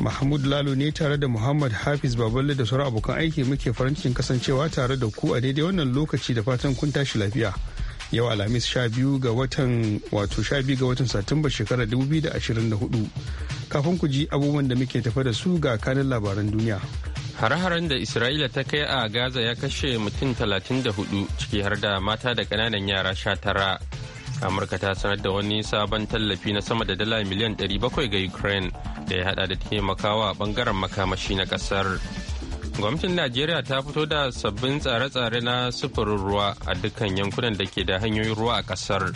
Mahmud Lalo ne tare da Muhammad Hafiz Baballe da sauran abokan aiki muke farin cikin kasancewa tare da ku a daidai wannan lokaci da fatan kun tashi lafiya. Yau Alhamis 12 ga watan wato 12 ga watan Satumba shekarar 2024. Kafin ku ji abubuwan da muke tafa da su ga kanin labaran duniya. Hare-haren da Isra'ila ta kai a Gaza ya kashe mutum 34 ciki har da mata da kananan yara 19. Amurka ta sanar da wani sabon tallafi na sama da dala miliyan 700 ga Ukraine da ya hada da taimakawa bangaren makamashi na kasar gwamnatin najeriya ta fito da sabbin tsare-tsare na sufurin ruwa a dukkan yankunan da ke da hanyoyin ruwa a kasar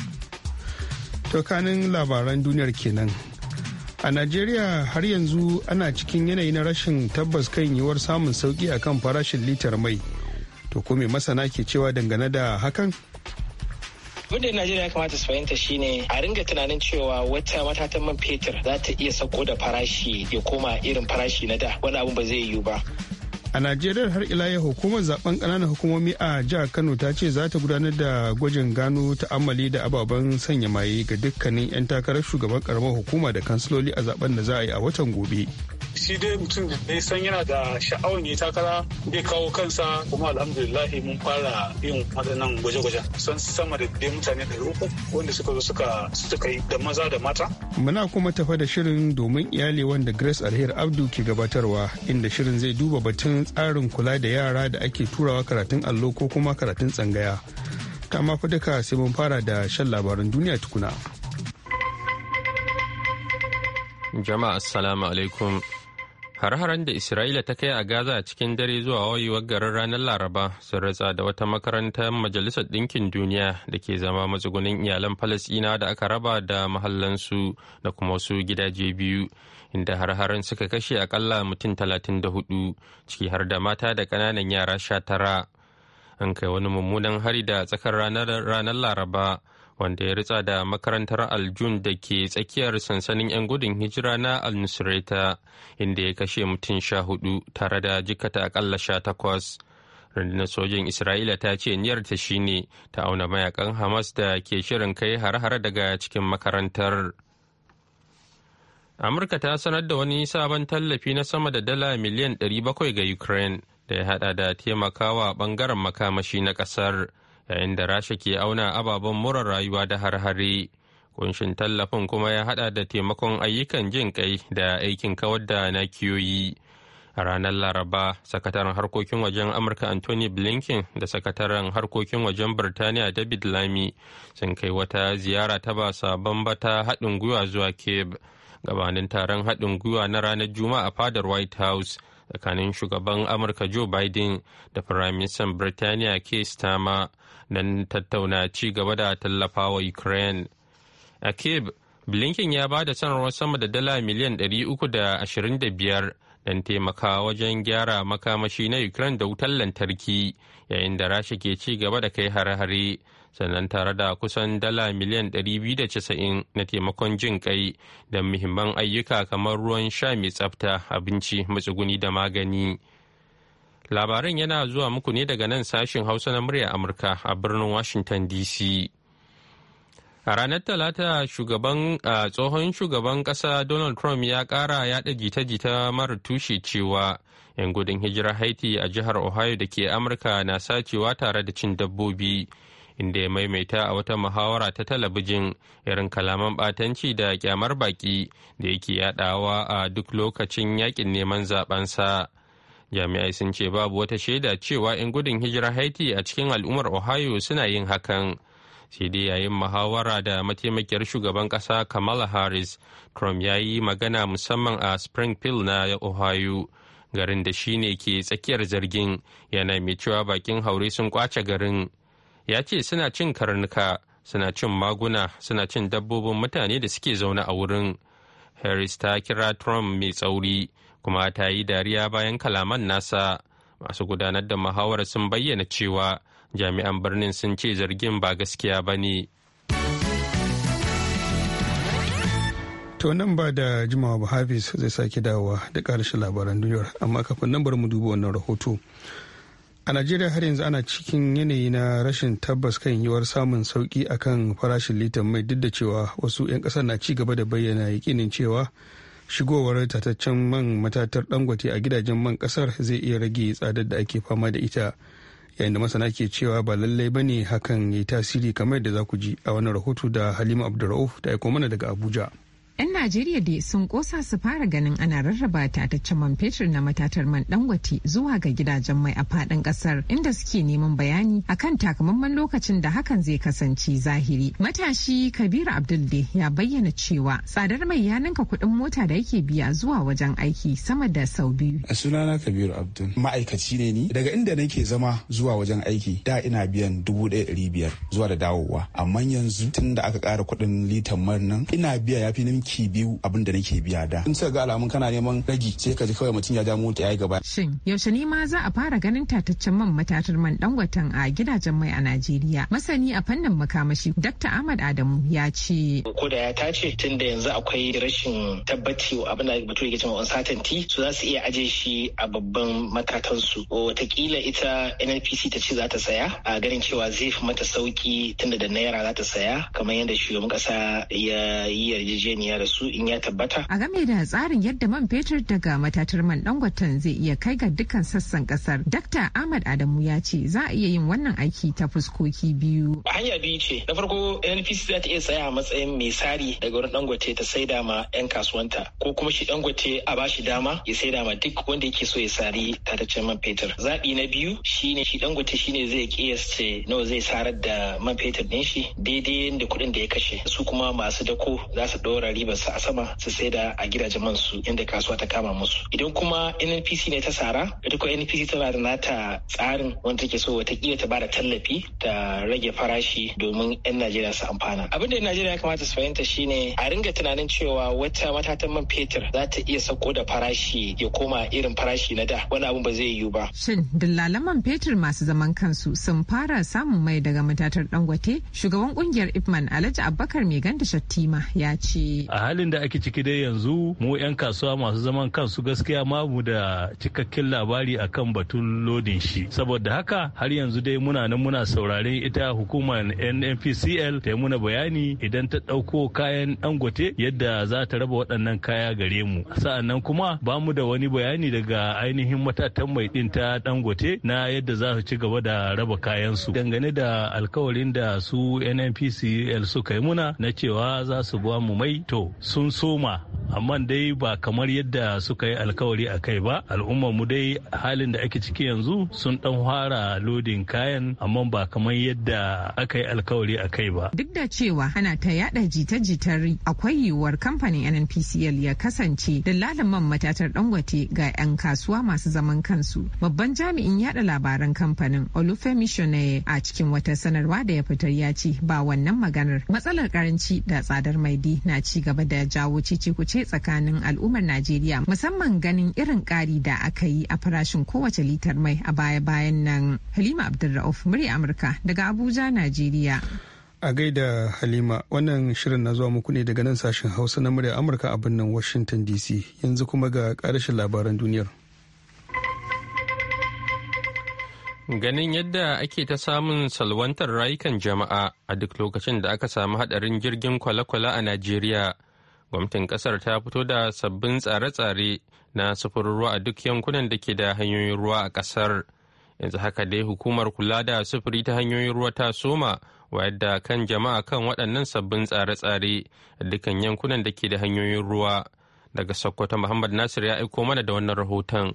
tokanin labaran duniyar kenan a najeriya har yanzu ana cikin yanayi na rashin tabbas kan yiwuwar samun sauki akan farashin litar mai to ko masana ke cewa dangane da hakan abin da najeriya ya kamata su fahimta shine a ringa tunanin cewa wata matatan man fetur za ta iya sauko da farashi ya koma irin farashi na da wani abu ba zai yiwu ba a najeriya har ila yau hukumar zaben kananan hukumomi a jihar kano ta ce za ta gudanar da gwajin gano ta'ammali da ababen sanya maye ga dukkanin 'yan takarar shugaban karamar hukuma da kansiloli a zaben da za a yi a watan gobe shi dai mutum da ya san yana da sha'awar ne takara bai kawo kansa kuma alhamdulillah mun fara yin waɗannan gwaje gwaje san sama da dai mutane da uku wanda suka zo suka suka yi da maza da mata. Muna kuma tafa da shirin domin iyali wanda Grace Alheri Abdu ke gabatarwa inda shirin zai duba batun tsarin kula da yara da ake turawa karatun allo ko kuma karatun tsangaya. Kama fa duka sai mun fara da shan labaran duniya tukuna. Jama'a assalamu alaikum. Har-haren da Isra'ila ta kai a Gaza cikin dare zuwa wayewar garin ranar Laraba sun ratsa da wata makarantar Majalisar Ɗinkin Duniya da ke zama matsugunin iyalan Falasɗina da aka raba da mahallansu da kuma wasu gidaje biyu, inda har-haren suka kashe akalla mutum talatin da hudu, ciki har da mata da ƙananan yara sha tara. An kai wani mummunan hari da tsakar ranar Laraba. wanda ya ritsa da makarantar aljun da ke tsakiyar sansanin 'yan gudun hijira na alnusreta inda ya kashe mutum sha hudu tare da jikata akalla sha takwas rundunar sojin isra'ila ta ce niyar niyyarta shine ta auna mayakan hamas da ke shirin kai har-har daga cikin makarantar amurka ta sanar da wani sabon tallafi na sama da dala miliyan 700 ga ukraine da ya hada da taimakawa bangaren makamashi na kasar yayin da rasha ke auna ababen murar rayuwa da har-hare kunshin tallafin kuma ya hada da taimakon ayyukan jin kai da aikin kawar da nakiyoyi a ranar laraba sakataren harkokin wajen amurka anthony blinken da sakataren harkokin wajen birtaniya david lami sun kai wata ziyara ta ba sabon bata haɗin gwiwa zuwa cape gabanin taron haɗin gwiwa na ranar juma'a a fadar white house tsakanin shugaban amurka joe biden da firaministan birtaniya ke stama don tattauna ci gaba da tallafawa Ukraine. A Kiev, Blinken ya ba da sanarwar sama da dala miliyan 325 don taimakawa wajen gyara makamashi na Ukraine da wutar lantarki yayin da Rasha ke ci gaba da kai hare-hare sannan tare da kusan dala miliyan 290 na taimakon jin kai da muhimman ayyuka kamar ruwan sha mai tsafta abinci matsuguni da magani. Labaran yana zuwa muku ne daga nan sashin Hausa na murya Amurka a birnin Washington DC. A ranar Talata shugaban tsohon shugaban ƙasa Donald Trump ya ƙara yaɗa jita-jita mara tushe cewa 'yan gudun hijirar Haiti a jihar Ohio da ke Amurka na sacewa tare da cin dabbobi. inda ya maimaita a wata muhawara ta talabijin irin kalaman batanci da kyamar baki da yake yadawa a duk lokacin yakin neman sa jami'ai sun ce babu wata shaida cewa 'yan gudun hijira haiti a cikin al'ummar ohio suna yin hakan sai dai yayin muhawara da mataimakiyar shugaban kasa kamala harris trump ya yi magana musamman a springfield na ohio garin da shi ne ke tsakiyar zargin yana mai cewa bakin haure sun kwace garin ya ce suna cin karnuka suna cin maguna suna cin dabbobin mutane da suke zaune a wurin harris ta kira trump mai tsauri kuma ta yi dariya bayan kalaman nasa masu gudanar da muhawarar sun bayyana cewa jami'an birnin sun ce zargin ba gaskiya ba ne. To nan ba da jimawa ba Hafiz zai sake dawowa da ƙarshen labaran duniyar amma kafin nan bari mu duba wannan rahoto. A Najeriya har yanzu ana cikin yanayi na rashin tabbas kan yiwuwar samun sauki akan farashin litan mai duk da cewa wasu 'yan ƙasar na ci gaba da bayyana yakinin cewa shigowar tataccen man matatar dangote a gidajen man kasar zai iya rage tsadar da ake fama da ita yayin da masana ke cewa ba lallai ba ne hakan ya yi tasiri kamar yadda za ku ji a wani rahoto da halima abdurrauf ta aiko mana daga abuja Najeriya dai sun kosa su fara ganin ana rarraba tataccen man fetur na matatar man dangwati zuwa ga gidajen mai a fadin kasar inda suke neman bayani akan takamaiman lokacin da hakan zai kasance zahiri. Matashi Kabiru Abdul ya bayyana cewa tsadar mai ya ninka kuɗin mota da yake biya zuwa wajen aiki sama da sau biyu. A sunana Kabiru Abdul ma'aikaci ne ni daga inda nake zama zuwa wajen aiki da ina biyan dubu ɗaya ɗari biyar zuwa da dawowa amma yanzu tun da aka ƙara kuɗin litan man nan ina biya ya fi ninki biyu abin da nake biya da in ga alamun kana neman ragi sai ka ji kawai mutum ya ja mota ya yayi gaba shin yaushe ni ma za a fara ganin tataccen man matatar man dan watan a gidajen mai a Najeriya masani a fannin makamashi Dr. Ahmad Adamu ya ce ko da ya tace tunda yanzu akwai rashin tabbaci abin da bature yake cewa uncertainty su za su iya aje shi a babban matatansu watakila ita NNPC ta ce za ta saya a ganin cewa zai fi mata sauki tunda da naira za ta saya kamar yadda shugaban kasa ya yi yarjejeniya da su su in ya tabbata. A game da tsarin yadda man fetur daga matatar man dangwatan zai iya kai ga dukkan sassan kasar. Dakta Ahmad Adamu ya ce za a iya yin wannan aiki ta fuskoki biyu. A hanya biyu ce. Na farko NNPC za ta iya tsaya a matsayin mai sari daga wurin dangwate ta saida ma 'yan kasuwanta ko kuma shi dangwate a ba shi dama ya saida ma duk wanda yake so ya sari tataccen man fetur. Zaɓi na biyu shine shi dangote shine zai kiyasce nawa zai sarar da man fetur ɗin shi daidai da kuɗin da ya kashe. Su kuma masu dako za su ɗora ribar a sama su saida a gidaje man su yadda kasuwa ta kama musu idan kuma nnpc ne ta sara ita kuma nnpc tana da nata tsarin wanda take so watakila ta bada tallafi ta rage farashi domin yan najeriya su amfana abin da yan najeriya ya kamata su fahimta shine a ringa tunanin cewa wata matatan man fetur za ta iya sauko da farashi ya koma irin farashi na da wani abu ba zai yiwu ba shin dillalan man fetur masu zaman kansu sun fara samun mai daga matatar dangote shugaban kungiyar ipman alhaji abubakar mai ganda shattima ya ce a halin da ake ciki dai yanzu mu 'yan kasuwa masu zaman kansu gaskiya mu da cikakken labari akan batun lodin shi saboda haka har yanzu dai muna nan muna sauraren ita hukumar nnpcl ta yi muna bayani idan ta ɗauko kayan dangote yadda za ta raba waɗannan kaya gare mu sa'annan kuma ba mu da wani bayani daga ainihin matatan mai ɗin ta dangote na yadda za su ci gaba da raba kayansu dangane da alkawarin da su nnpcl suka yi muna na cewa za su ba mu mai to sun soma amma dai ba kamar yadda suka yi alkawari a kai ba al'ummar mu dai halin da ake ciki yanzu sun dan fara lodin kayan amma ba kamar yadda aka yi alkawari a kai ba duk da cewa ana ta yada jita-jitar akwai yiwuwar kamfanin nnpcl ya kasance dallalin man matatar dangote ga 'yan kasuwa masu zaman kansu babban jami'in yada labaran kamfanin olufe missionary a cikin wata sanarwa da ya fitar ya ce ba wannan maganar matsalar karanci da tsadar maidi na ci gaba da ya jawo cece-kuce tsakanin al'ummar Najeriya musamman ganin irin ƙari da aka yi a farashin kowace litar mai a baya-bayan nan. Halima Abdulra'uf murya Amurka daga Abuja, Najeriya. A gaida Halima wannan shirin na zuwa muku ne daga nan sashen Hausa na murya Amurka a birnin Washington DC yanzu kuma ga ƙarashin labaran duniyar. Ganin yadda ake ta samun salwantar rayukan jama'a a duk lokacin da aka samu haɗarin jirgin kwale-kwale a Najeriya. gwamnatin kasar ta fito da sabbin tsare-tsare na sufurin ruwa a duk yankunan da ke da hanyoyin ruwa a kasar yanzu haka dai hukumar kula da sufuri ta hanyoyin ruwa ta soma wayar da kan jama'a kan waɗannan sabbin tsare-tsare a dukkan yankunan da ke da hanyoyin ruwa daga sokoto muhammad nasir ya aiko mana da wannan rahoton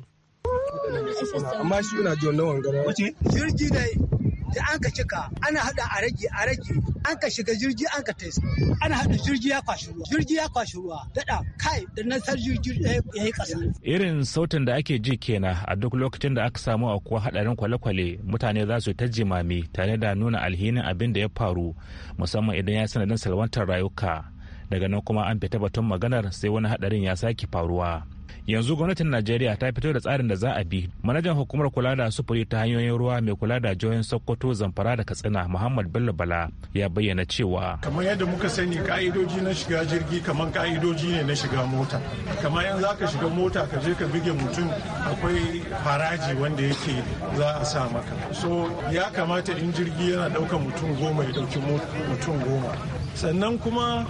da an ka cika ana hada a rage a rage an ka shiga jirgi an ka taisa ana hada jirgi ya kwashi ruwa jirgi ya kwashi ruwa dada kai da nan sar jirgi eh, ya yi kasa irin sautin da ake ji kenan a duk lokacin da aka samu a kuwa hadarin kwale-kwale mutane za su ta jimami tare da nuna alhinin abin da ya faru musamman idan ya sanadin salwantar rayuka daga nan kuma an fita batun maganar sai wani hadarin ya sake faruwa yanzu gwamnatin najeriya ta fito da tsarin da za a bi manajan hukumar kula da sufuri ta hanyoyin ruwa mai kula da jihohin sokoto zamfara da katsina muhammad bello bala ya bayyana cewa kamar yadda muka sani ka'idoji na shiga jirgi kamar ka'idoji ne na shiga mota kamar yanzu za ka shiga mota ka je ka buge mutum akwai haraji wanda yake za a sa maka so ya kamata in jirgi yana ɗaukar mutum goma ya ɗauki mutum goma sannan kuma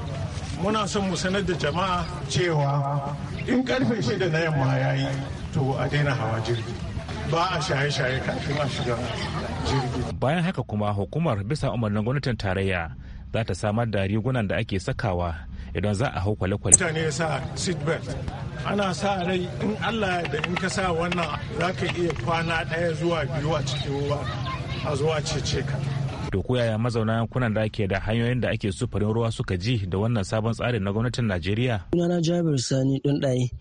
muna son mu sanar da jama'a cewa in karfe shida na yamma ya yi to a daina hawa jirgi ba a shaye-shaye kafin a shiga jirgi. bayan haka kuma hukumar bisa umarnin gwamnatin tarayya za ta samar da rigunan da ake sakawa idan za a hau kwale-kwale. Mutane ya sa seatbelt. Ana sa rai in Allah da in ka sa wannan za ka iya kwana ɗaya zuwa biyu a cikin ruwa a zuwa ce ka. to ko yaya mazauna yankunan da ake da hanyoyin da ake sufurin ruwa suka ji da wannan sabon tsarin na gwamnatin najeriya sunana jabir sani don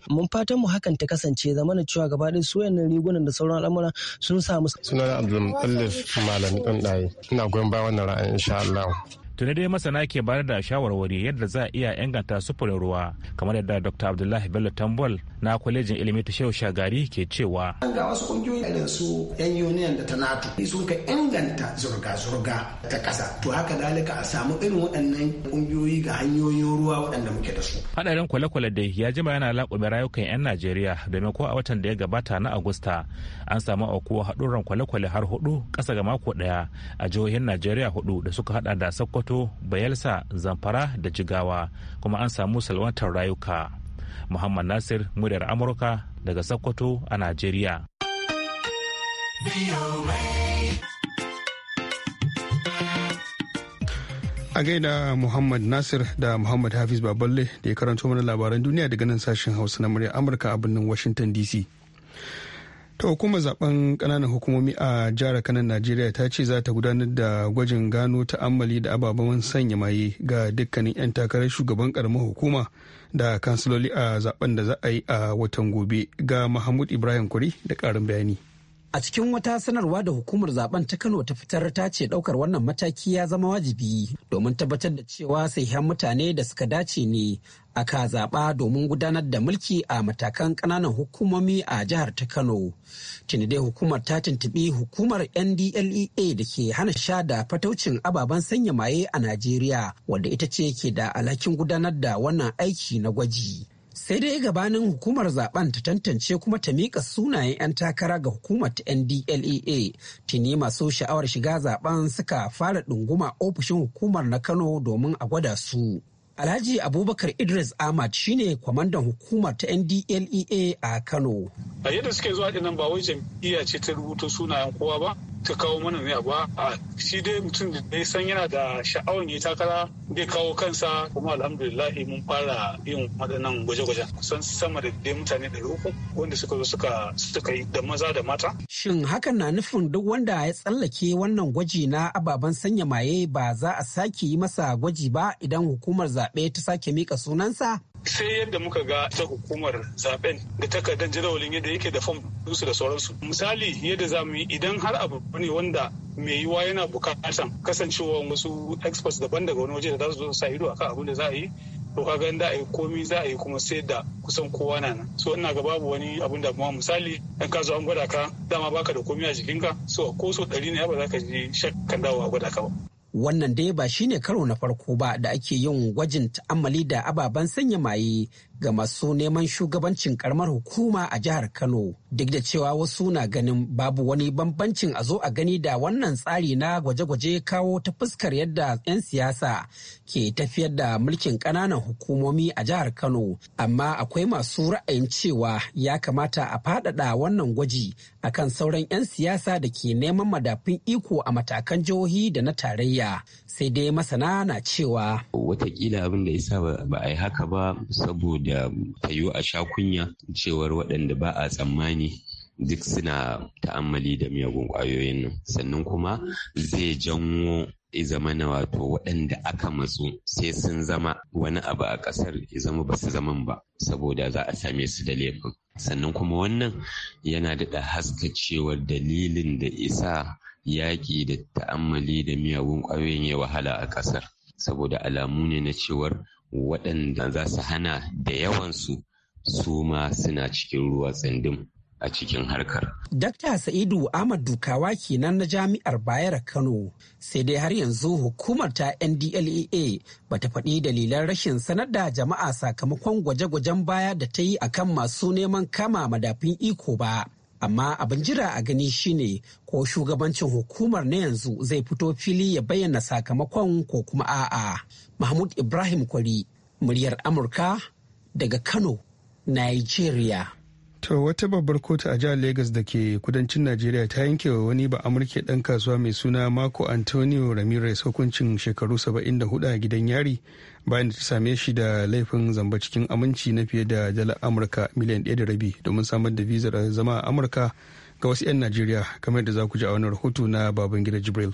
mun fatan mu hakan ta kasance zamana cewa gaba ɗaya su wayannan rigunan da sauran al'amura sun samu sunana abdulmutallif malami don ɗaye ina goyon bayan wannan ra'ayin insha allah tuni dai masana ke bayar da shawarwari yadda za a iya inganta sufurin ruwa kamar yadda dr abdullahi bello tambol na kwalejin ilimi ta shehu shagari ke cewa ga wasu kungiyoyi irin su yan union da ta nato sun ka inganta zurga-zurga ta kasa to haka dalika a samu irin waɗannan kungiyoyi ga hanyoyin ruwa waɗanda muke da su hadarin kwale-kwale dai ya jima yana laƙume rayukan 'yan najeriya domin ko a watan da ya gabata na agusta an samu aukuwa haɗurran kwale-kwale har hudu ƙasa ga mako ɗaya a jihohin najeriya hudu da suka hada da sokoto sokoto bayelsa zamfara da jigawa kuma an samu salwantar rayuka muhammad nasir muryar amurka daga sokoto a najeriya a gaida muhammad nasir da muhammad hafiz baballe da ya karanto mana labaran duniya daga nan sashen hausa na murya amurka a birnin washington dc ta hukumar zaben kananan hukumomi a jihar kanan najeriya ta ce za ta gudanar da gwajin gano ta'ammali da ababen sanya maye ga dukkanin 'yan takarar shugaban karamar hukuma da kansiloli a zaben da za a yi a watan gobe ga mahmud ibrahim kuri da karin bayani A cikin wata sanarwa da hukumar zaben ta Kano ta fitar ta ce daukar wannan mataki ya zama wajibi domin tabbatar da cewa sahihan mutane da suka dace ne aka zaɓa domin gudanar da mulki a matakan ƙananan hukumomi a jihar ta Kano. Tuni dai hukumar ta tuntuɓi hukumar NDLEA da ke hana sha da fataucin ababen sanya maye a Najeriya wanda ita ce ke da alhakin gudanar da wannan aiki na gwaji. sai dai gabanin hukumar zaben ta tantance kuma ta mika sunayen 'yan takara ga hukumar ta ndlea tuni masu sha'awar shiga zaben suka fara ɗunguma ofishin hukumar na kano domin a gwada su Alhaji Abubakar Idris Ahmad shine kwamandan hukumar ta NDLEA a Kano. A yadda suke zuwa ɗinan ba wai jam'iyya ce ta rubuta sunayen kowa ba, ta kawo mana ne ba a shi dai mutum da ya san yana da sha'awar ya takara zai kawo kansa kuma alhamdulillah mun fara yin waɗannan gwaje-gwajen kusan sama da dai mutane ɗari uku wanda suka zo suka suka yi da maza da mata Shin hakan na nufin duk wanda ya tsallake wannan gwaji na ababen sanya maye ba za a sake yi masa gwaji ba idan hukumar zaɓe ta sake mika sunansa? sai yadda muka ga ta hukumar zaben da takardar jadawalin yadda yake da fom dusu da sauransu misali yadda za mu yi idan har abu ne wanda mai yiwa yana bukatan kasancewa wasu experts daban daga wani waje da za su zo sa ido akan abin da za a yi to ka ga da a yi komi za a yi kuma sai da kusan kowa na nan so ina ga babu wani abun da kuma misali in ka zo an gwada ka dama baka da komi a jikinka so ko so ɗari ne ba za ka je shakkan dawo a gwada ka ba. wannan dai ba shine karo na farko ba da ake yin gwajin ta'ammali da ababen sanya maye ga masu neman shugabancin karamar hukuma a jihar Kano duk da cewa wasu na ganin babu wani bambancin a zo a gani da wannan tsari na gwaje-gwaje kawo ta fuskar yadda 'yan siyasa ke tafiyar da mulkin kananan hukumomi a jihar Kano amma akwai masu ra'ayin cewa ya kamata a faɗaɗa wannan gwaji akan sauran 'yan siyasa da ke neman madafin iko a matakan jihohi da na tarayya sai dai masana na cewa watakila abin da ya sa ba a yi haka ba saboda da ta yiwu a sha kunya cewar waɗanda ba a tsammani duk suna ta'ammali da miyagun ƙwayoyin nan sannan kuma zai janwo zama na wato waɗanda aka matsu sai sun zama wani abu a ƙasar ya zama ba su zaman ba saboda za a same su da laifin sannan kuma wannan yana da haska cewar dalilin da isa yaƙi da ta'ammali da miyagun ƙwayoyin ya wahala a ƙasar saboda alamu ne na cewar waɗanda za su hana da yawansu su ma suna cikin ruwa tsindin a cikin harkar. Dakta Sa'idu Ahmad Dukawa kenan na Jami'ar Bayar Kano sai dai har yanzu hukumar ta NDLEA ba ta faɗi dalilan rashin sanar da jama'a sakamakon gwaje-gwajen baya da ta yi akan masu neman kama madafin iko ba. amma abin jira a gani shine ko shugabancin hukumar na yanzu zai fito fili ya bayyana sakamakon ko kuma a'a mahmud ibrahim kwari muryar amurka daga kano nigeria To wata babbar kotu a jihar Legas da ke kudancin Najeriya ta yanke wa wani ba amurke ɗan kasuwa mai suna mako Antonio Ramirez hukuncin shekaru 74 a gidan yari bayan da ta same shi da laifin zamba cikin aminci na fiye da dalar amurka miliyan ɗaya da rabi domin samar da vizar zama a amurka ga wasu 'yan najeriya kamar da za ku ji a wani rahoto na babangida jibril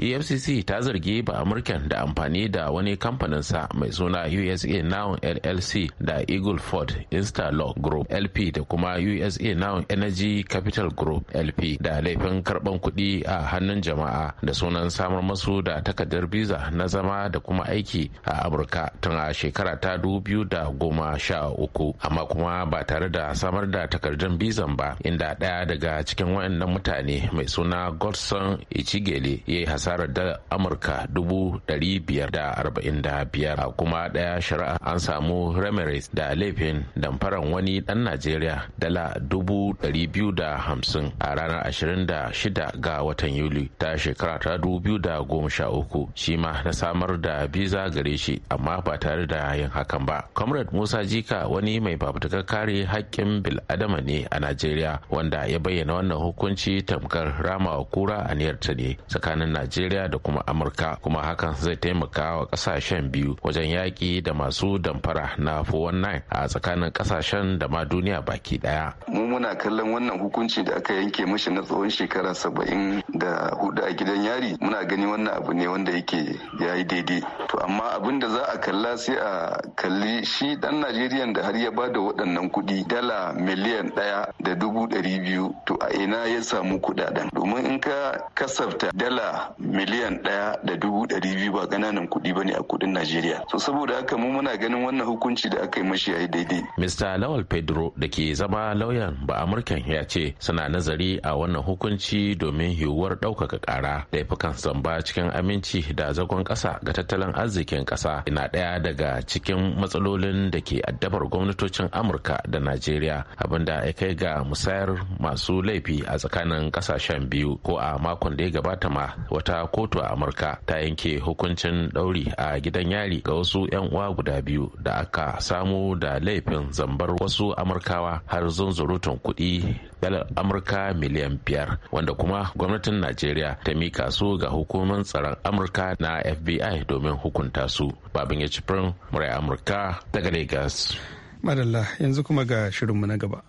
efcc ta zargi ba amurkan da amfani da wani kamfanin sa mai suna usa now llc da eagle ford instalog group lp da kuma usa now energy capital group lp da laifin karban kuɗi a hannun jama'a da sunan samar masu da takardar biza na zama da kuma aiki a amurka tun a shekara ta dubu da goma sha uku amma kuma ba tare da samar da takardun bizan ba inda ɗaya daga cikin waɗannan mutane mai suna godson ichigele ya yi hasa hasarar da amurka 545 a kuma daya shari'a an samu ramirez da laifin damfaran wani dan najeriya dala 250 a ranar 26 ga watan yuli ta shekara ta 2013 shi ma na samar da biza gare shi amma ba tare da yin hakan ba comrade musa jika wani mai fafutukar kare haƙƙin bil'adama ne a najeriya wanda ya bayyana wannan hukunci tamkar rama kura a niyarta ne tsakanin najeriya najeriya da kuma amurka kuma hakan zai taimaka wa kasashen biyu wajen yaƙi da masu damfara na 419 a tsakanin kasashen da ma duniya baki daya mu muna kallon wannan hukunci da aka yanke mashi na tsawon shekara saba'in da hudu a gidan yari muna gani wannan abu ne wanda yake ya yi daidai to amma abin da za a kalla sai a kalli shi dan najeriya da har ya ba da waɗannan kuɗi dala miliyan ɗaya da dubu ɗari biyu to a ina ya samu kuɗaɗen domin in ka kasafta dala miliyan ɗaya da dubu ɗari biyu ba ƙananan kuɗi ba ne a kuɗin Najeriya. So saboda haka mu muna ganin wannan hukunci da aka yi mashi yi daidai. Mr. Lawal Pedro da ke zama lauyan ba Amurkan ya ce suna nazari a wannan hukunci domin yiwuwar ɗaukaka ƙara da ya fi kan zamba cikin aminci da zagon ƙasa ga tattalin arzikin ƙasa na ɗaya daga cikin matsalolin da ke addabar gwamnatocin Amurka da Najeriya abinda ya kai ga musayar masu laifi a tsakanin ƙasashen biyu ko a makon da ya gabata ma wata ta kotu a amurka ta yanke hukuncin ɗauri a gidan yari ga wasu 'yan uwa guda biyu da aka samu da laifin zambar wasu amurkawa har zunzurutun kuɗi dalar amurka miliyan biyar wanda kuma gwamnatin najeriya ta mika su ga hukumar tsaron amurka na fbi domin hukunta su babin ya cifrin murai amurka daga lagos madalla yanzu kuma ga shirinmu na gaba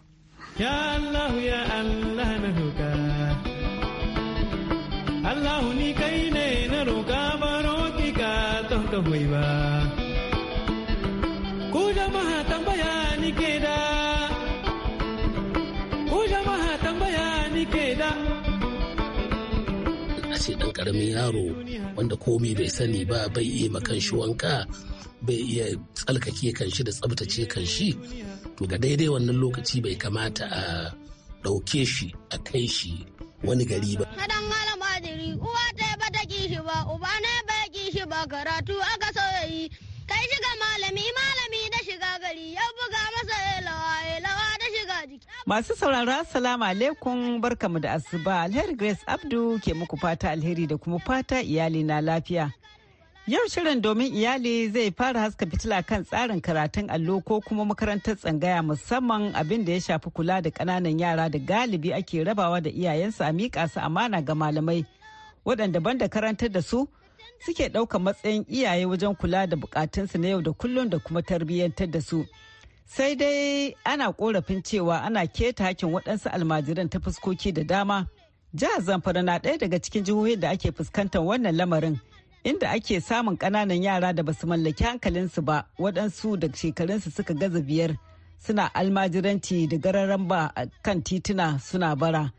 ya allah ya allah gwaiba. Ku jama'a tambaya ɗan ƙaramin yaro wanda komai bai sani ba bai iya makan shi wanka bai iya tsalkake kanshi da tsabtace kanshi to ga daidai wannan lokaci bai kamata a ɗauke shi a kai shi wani gari ba. Masu sauraro Salamu alaikum barkamu da asuba alheri Grace Abdu ke muku fata alheri da kuma fata iyali na lafiya. Yau shirin domin iyali zai fara haska fitila kan tsarin karatun allo ko kuma makarantar tsangaya musamman abin da ya shafi kula da kananan yara da galibi ake rabawa da iyayensu a miƙa su amana ga malamai waɗanda banda karantar da su suke ɗaukar matsayin iyaye wajen kula da bukatunsu na yau da kullum da kuma tarbiyyantar da su. sai dai ana korafin cewa ana keta hakin waɗansu almajiran ta fuskoki da dama jihar zamfara na ɗaya daga cikin jihohin da ake fuskantar wannan lamarin inda ake samun ƙananan yara da basu mallaki hankalinsu ba waɗansu da shekarunsu suka gaza biyar suna almajiranci da gararan ba kan tituna suna bara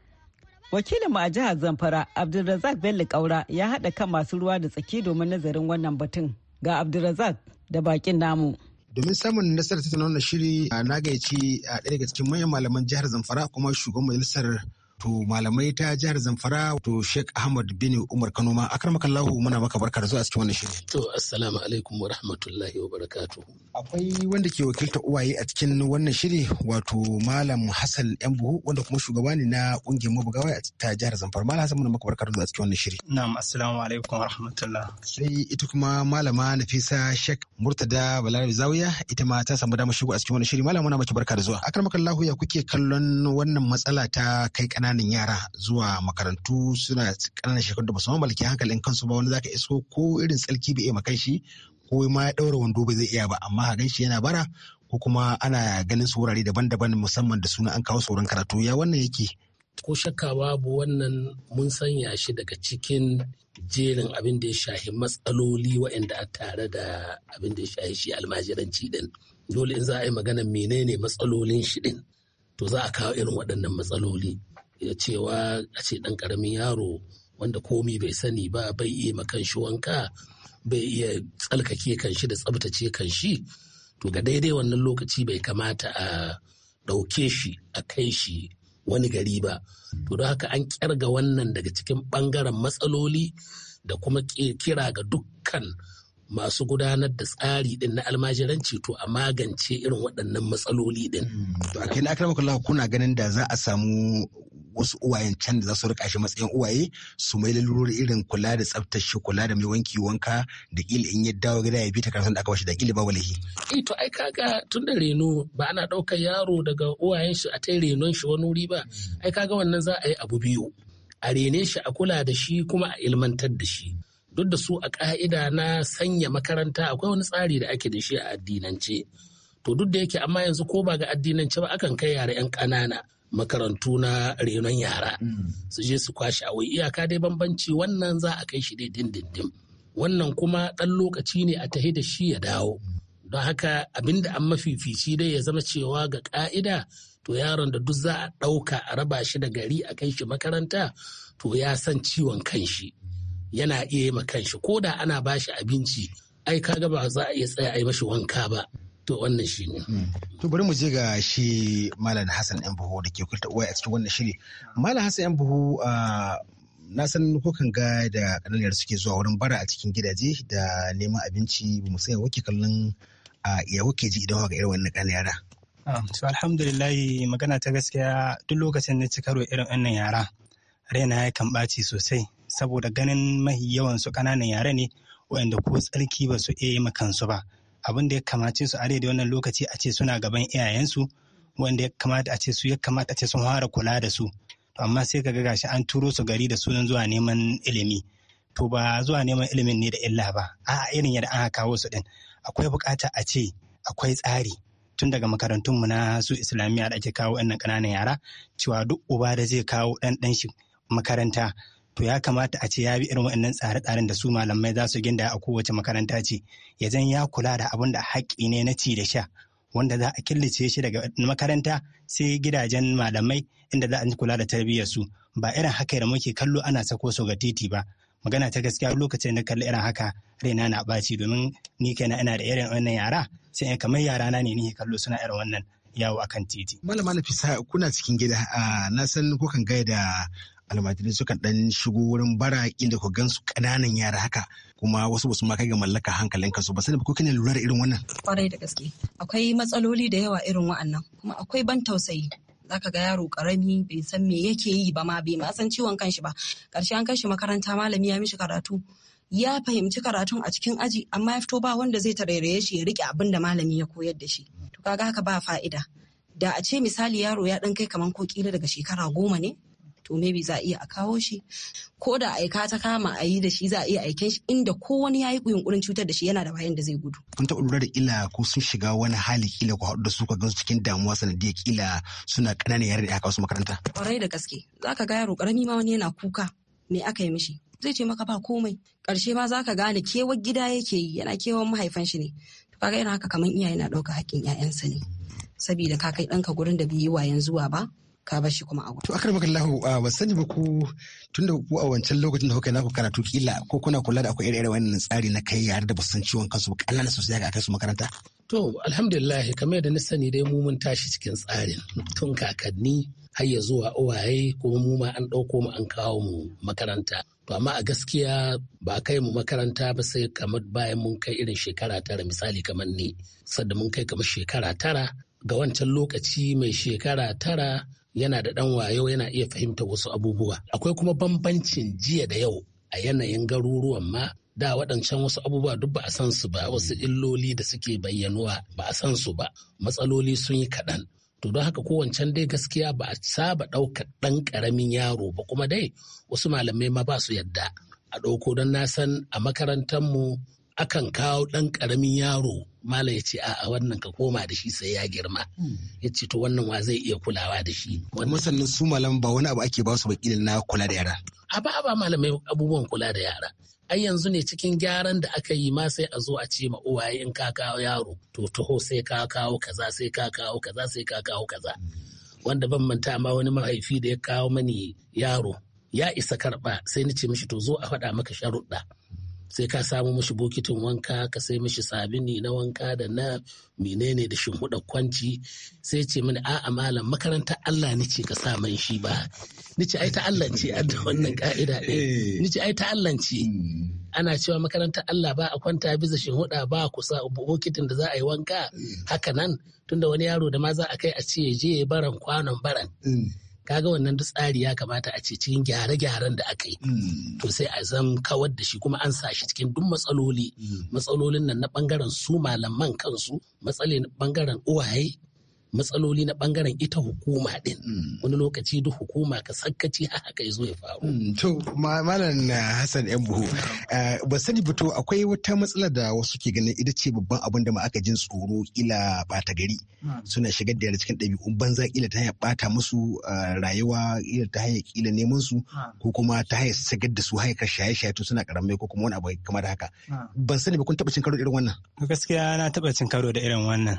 wakilinmu a jihar zamfara abdulrazak bello kaura ya haɗa kan masu ruwa da tsaki domin nazarin wannan batun ga abdulrazak da bakin namu. domin samun nasarar ta wannan shiri na gayyaci a ɗaya daga cikin manyan malaman jihar zamfara kuma shugaban majalisar to malamai ta jihar Zamfara to Sheikh Ahmad bin Umar Kano ma lahu muna maka barka da zuwa a cikin wannan shirin. To assalamu alaikum wa rahmatullahi wa barakatuh. Akwai wanda ke wakilta uwaye a cikin wannan shiri wato Malam Hassan Yan Buhu wanda kuma shugaba ne na kungiyar mabugawa ta jihar Zamfara. Malam Hassan muna maka barka da zuwa a cikin wannan shiri. Na'am assalamu alaikum wa rahmatullah. Sai ita kuma malama Nafisa Sheikh Murtada Balarabi Zawiya ita ma ta samu damar shigo a cikin wannan shiri. Malam muna maki barka da zuwa. lahu ya kuke kallon wannan matsala ta kai kana ƙananan yara zuwa makarantu suna ƙananan shekaru da ba su mallaki hankalin kansu ba wani zaka isko ko irin tsalki bai iya makan shi ko ma ya ɗaura wando bai zai iya ba amma a shi yana bara ko kuma ana ganin su wurare daban-daban musamman da suna an kawo sauran karatu ya wannan yake ko shakka babu wannan mun sanya shi daga cikin jerin abin da ya shahi matsaloli waɗanda a tare da abin da ya shahi shi almajiranci din dole in za a yi magana menene matsalolin shi din to za a kawo irin waɗannan matsaloli ya cewa a ce ɗan ƙaramin yaro wanda komi bai sani ba bai iya makan shi wanka bai iya tsalkake kan shi da tsabtace kan shi to ga daidai wannan lokaci bai kamata a ɗauke shi a kai shi wani gari ba to don haka an kyarga wannan daga cikin ɓangaren matsaloli da kuma kira ga dukkan masu gudanar da tsari din na almajiranci to a magance irin waɗannan matsaloli din. To a kai na kuna ganin da za a samu wasu uwayen can da za su rika shi matsayin uwaye su mai lalurori irin kula da tsaftace kula da mai wanki wanka da ƙil in ya dawo gida ya bi ta karatun da aka bashi da ƙil babu lahi. Eh to ai kaga tun da reno ba ana ɗaukar yaro daga uwayen shi a ta renon shi wani wuri ba ai kaga wannan za a yi abu biyu a rene shi a kula da shi kuma a ilmantar da shi. duk da su a ƙa'ida na sanya makaranta akwai wani tsari da ake da shi a addinance to duk da yake amma yanzu ko ba ga addinance ba akan kai yara 'yan ƙanana makarantu na renon yara su je su kwashe awai iyaka dai bambanci wannan za a kai shi dai dindindin wannan kuma ɗan lokaci ne a tahi da shi ya dawo don haka abinda an mafifici dai ya zama cewa ga ƙa'ida to yaron da duk za a ɗauka a raba shi da gari a kai shi makaranta to ya san ciwon kanshi yana iya yi kanshi ko da ana ba shi abinci ai ga ba za a iya tsaya a yi mashi wanka ba to wannan shi ne. Hmm. To bari mu je ga shi Malam Hassan yan buhu da ke kulta uwa a cikin wannan shiri. Malam Hassan yan buhu na san kukan ga da kanalar suke zuwa wurin bara a cikin gidaje da neman abinci mu sai wake kallon ya wake ji idan ga irin wannan kana yara. To alhamdulillah magana ta gaskiya duk lokacin da cikaro irin wannan yara raina ya kan ɓaci sosai saboda ganin mahi yawan su kananan yare ne waɗanda ko tsarki ba su iya yi kansu ba abin da ya kamace su a da wannan lokaci a ce suna gaban iyayensu wanda ya kamata a ce su ya kamata a ce sun fara kula da su to amma sai ka ga gashi an turo su gari da sunan zuwa neman ilimi to ba zuwa neman ilimin ne da illa ba a irin yadda aka kawo su din akwai bukata a ce akwai tsari tun daga makarantunmu na su islamiyya da ake kawo wannan kananan yara cewa duk uba da zai kawo ɗan ɗan shi makaranta to ya kamata a ce ya bi irin waɗannan tsare-tsaren da su malamai za su ginda a kowace makaranta ce ya zan ya kula da abin da haƙƙi ne na ci da sha wanda za a killace shi daga makaranta sai gidajen malamai inda za a kula da tarbiyyar su ba irin haka da muke kallo ana sako su ga titi ba magana ta gaskiya lokacin da kalli irin haka raina na ɓaci domin ni na ina da irin wannan yara sai kamar yara na ne ni kallo suna irin wannan yawo akan titi. Malama Fisa kuna cikin gida ah, na san kukan gaida almajirai sukan dan shigo wurin bara inda ku gan su ƙananan yara haka kuma wasu basu ma kai ga mallaka hankalin su ba sani ba ko kina lura da irin wannan kwarai da gaske akwai matsaloli da yawa irin wa'annan kuma akwai ban tausayi zaka ga yaro karami bai san me yake yi ba ma bai ma san ciwon kanshi ba karshe an kashi makaranta malami ya mishi karatu ya fahimci karatun a cikin aji amma ya fito ba wanda zai tarairaye shi ya rike abin da malami ya koyar da shi to kaga haka ba fa'ida da a ce misali yaro ya dan kai kaman ko kila daga shekara goma ne to maybe za a iya a kawo shi ko da aika ta kama a yi da shi za a iya aiken shi inda ko wani ya yi yunkurin cutar da shi yana da bayan da zai gudu. Kun taɓa lura da ila ko sun shiga wani hali kila ko da su ka gansu cikin damuwa sanadiyar kila suna ƙananan yare da aka wasu makaranta. Ƙwarai da gaske za ka ga yaro ƙarami ma wani yana kuka me aka yi mishi zai ce maka ba komai ƙarshe ma za ka gane kewar gida yake yi yana kewar mahaifan shi ne. Kaga yana haka kamar iyaye na ɗauka haƙƙin 'ya'yansa ne. Sabida ka kai ɗanka gurin da bai yi wayan zuwa ba ka bar shi kuma a wuta. To akar maka lahu ba sani ba ku tun da ku a wancan lokacin da kuka yi naku karatu kila ko kuna kula da akwai irin wannan tsari na kai yare da basu ciwon kansu ba kanana sosai ga su makaranta. To alhamdulillah kamar yadda na sani dai mu mun tashi cikin tsarin tun kakanni har ya zuwa uwaye kuma mu ma an dauko mu an kawo mu makaranta. To amma a gaskiya ba kai mu makaranta ba sai kamar bayan mun kai irin shekara tara misali kamar ni sadda mun kai kamar shekara tara ga wancan lokaci mai shekara tara yana da ɗan wayo yana iya fahimta wasu abubuwa akwai kuma bambancin jiya da yau a yanayin garuruwan ma da waɗancan wasu abubuwa duk ba a san su ba wasu illoli da suke bayyanuwa ba a san su ba matsaloli sun yi kaɗan to don haka kowancan dai gaskiya ba a saba ɗaukar ɗan ƙaramin yaro ba kuma dai wasu malamai ma ba su yadda a ɗauko don na san a makarantar mu akan kawo ɗan ƙaramin yaro malam ya ce a wannan ka koma da shi sai ya girma hmm. ya ce to wannan wa zai iya kulawa da shi kuma sannan su malam ba wani abu ake ba su bakilin na kula da yara a ba ba malamai abubuwan kula da yara ai yanzu ne cikin gyaran da aka yi ma sai a zo a ce ma uwaye in ka kawo yaro to taho sai ka kawo kaza sai ka kawo kaza sai ka kawo kaza wanda ban manta ma wani mahaifi da ya kawo mani yaro ya isa karba sai ni ce mishi to zo a faɗa maka sharuɗa sai ka samu mashi bokitin wanka ka sai mashi sabini na wanka da na menene da shimfiɗa kwanci sai ce mini a'a malam makarantar Allah ni ce ka sa man shi ba ni ce ai ta Allah ce da wannan ka'ida ɗin eh. ni ce ai ta Allah ce hmm. ana cewa makarantar Allah ba a kwanta bisa shimfiɗa ba kusa bokitin da za a yi wanka eh. haka nan tunda wani yaro da ma za a kai a ce je baran kwanon baran hmm. kaga wannan duk tsari ya kamata a ce cikin gyare-gyaren da aka yi mm. to sai a zan kawar da shi kuma an sa shi cikin duk matsaloli mm. matsalolin nan na bangaren su malaman kansu matsalin bangaren uwaye matsaloli na bangaren ita hukuma din hmm. wani lokaci duk hukuma ka sakkaci haka zo ya faru. Hmm, to malam uh, hassan yan buhu uh, ba sani fito akwai wata matsala da wasu ke ganin ita ce babban abin da ma aka jin tsoro ila bata gari suna shigar da cikin ɗabi'un banza ila ta hanyar bata musu uh, rayuwa ila ta hanyar kila neman su ko kuma ta hanyar shigar da su hanyar shaye shaye to suna karamai ko kuma wani abu kamar haka ban sani ba kun taɓa cin karo irin wannan. gaskiya na taɓa cin karo da irin wannan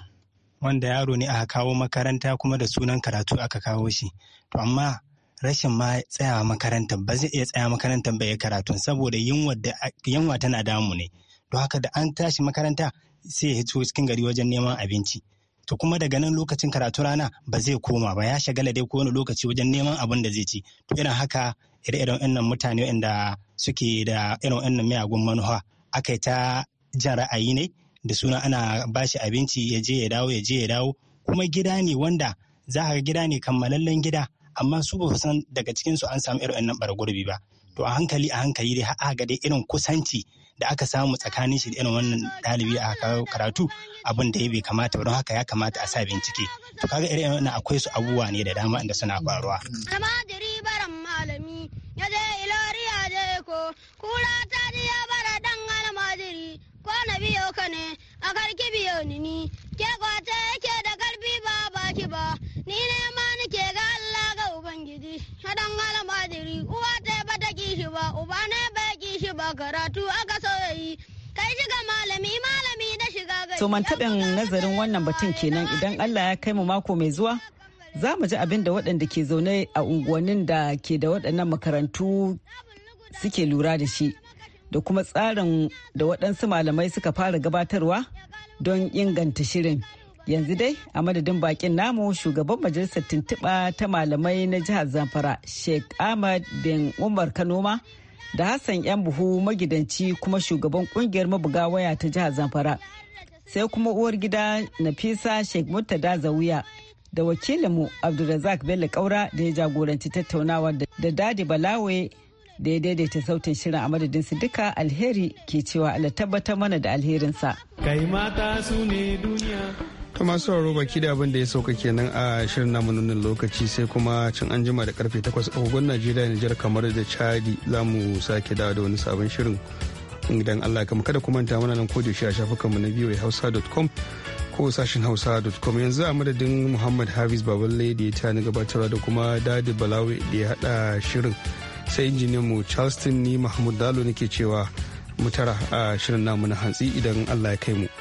wanda yaro ne aka kawo makaranta kuma da sunan karatu aka kawo shi to amma rashin ma tsayawa makarantar ba zai iya tsaya makarantar ba ya karatun saboda yunwa tana damu ne to haka da an tashi makaranta sai ya hito cikin gari wajen neman abinci to kuma daga nan lokacin karatu rana ba zai koma ba ya shagala dai ko wani lokaci wajen neman abin da zai ci to irin haka ire-iren wannan mutane wanda suke da irin wannan miyagun manufa aka yi ta jan ra'ayi ne da suna ana ba shi abinci ya je ya dawo ya je ya dawo kuma gida ne wanda za ka gida ne kammalallen gida amma su ba san daga cikin su an samu irin wannan bargurbi ba to a hankali a hankali dai har ga dai irin kusanci da aka samu tsakanin shi da irin wannan ɗalibi a karatu abin da ya bai kamata ba don haka ya kamata a sa bincike to kaga irin wannan akwai su abubuwa ne da dama inda suna faruwa. Sama diribaran malami ya je ilariya je ko kula Wato mantaɓin nazarin wannan batun kenan idan Allah ya kai mu mako mai zuwa za mu ji abin da waɗanda ke zaune a unguwannin da ke da waɗannan makarantu suke lura da shi da kuma tsarin da waɗansu malamai suka fara gabatarwa don inganta shirin yanzu dai a madadin bakin namu shugaban majalisar tuntuɓa ta malamai na jihar zamfara sheikh ahmad bin umar kanoma da hassan yan buhu magidanci kuma shugaban kungiyar mabuga waya ta jihar zamfara sai kuma uwar gida Nafisa Sheikh Murtada Zawiya da wakilinmu Abdulrazak Bello Kaura da ya jagoranci tattaunawa da Dadi Balawe da ya daidaita sautin shirin a madadin su duka alheri ke cewa Allah tabbatar mana da alherinsa. Kai mata su ne duniya. ta masu sauraro baki da abin da ya sauka kenan a shirin namu nan lokaci sai kuma cin anjima da karfe 8 agogon najeriya nijar kamar da chadi za mu sake dawo da wani sabon shirin idan Allah kama kada manta mana nan kodi shi a shafukanmu na biyu hausa.com ko sashen hausa.com yanzu a madadin Muhammad Hafiz Baballe da ya ta ni gabatarwa da kuma Dadi Balawi da ya hada shirin sai injiniyan mu Charleston ni Mahmud Dalo nake cewa mutara a shirin namu na hantsi idan Allah ya kai mu.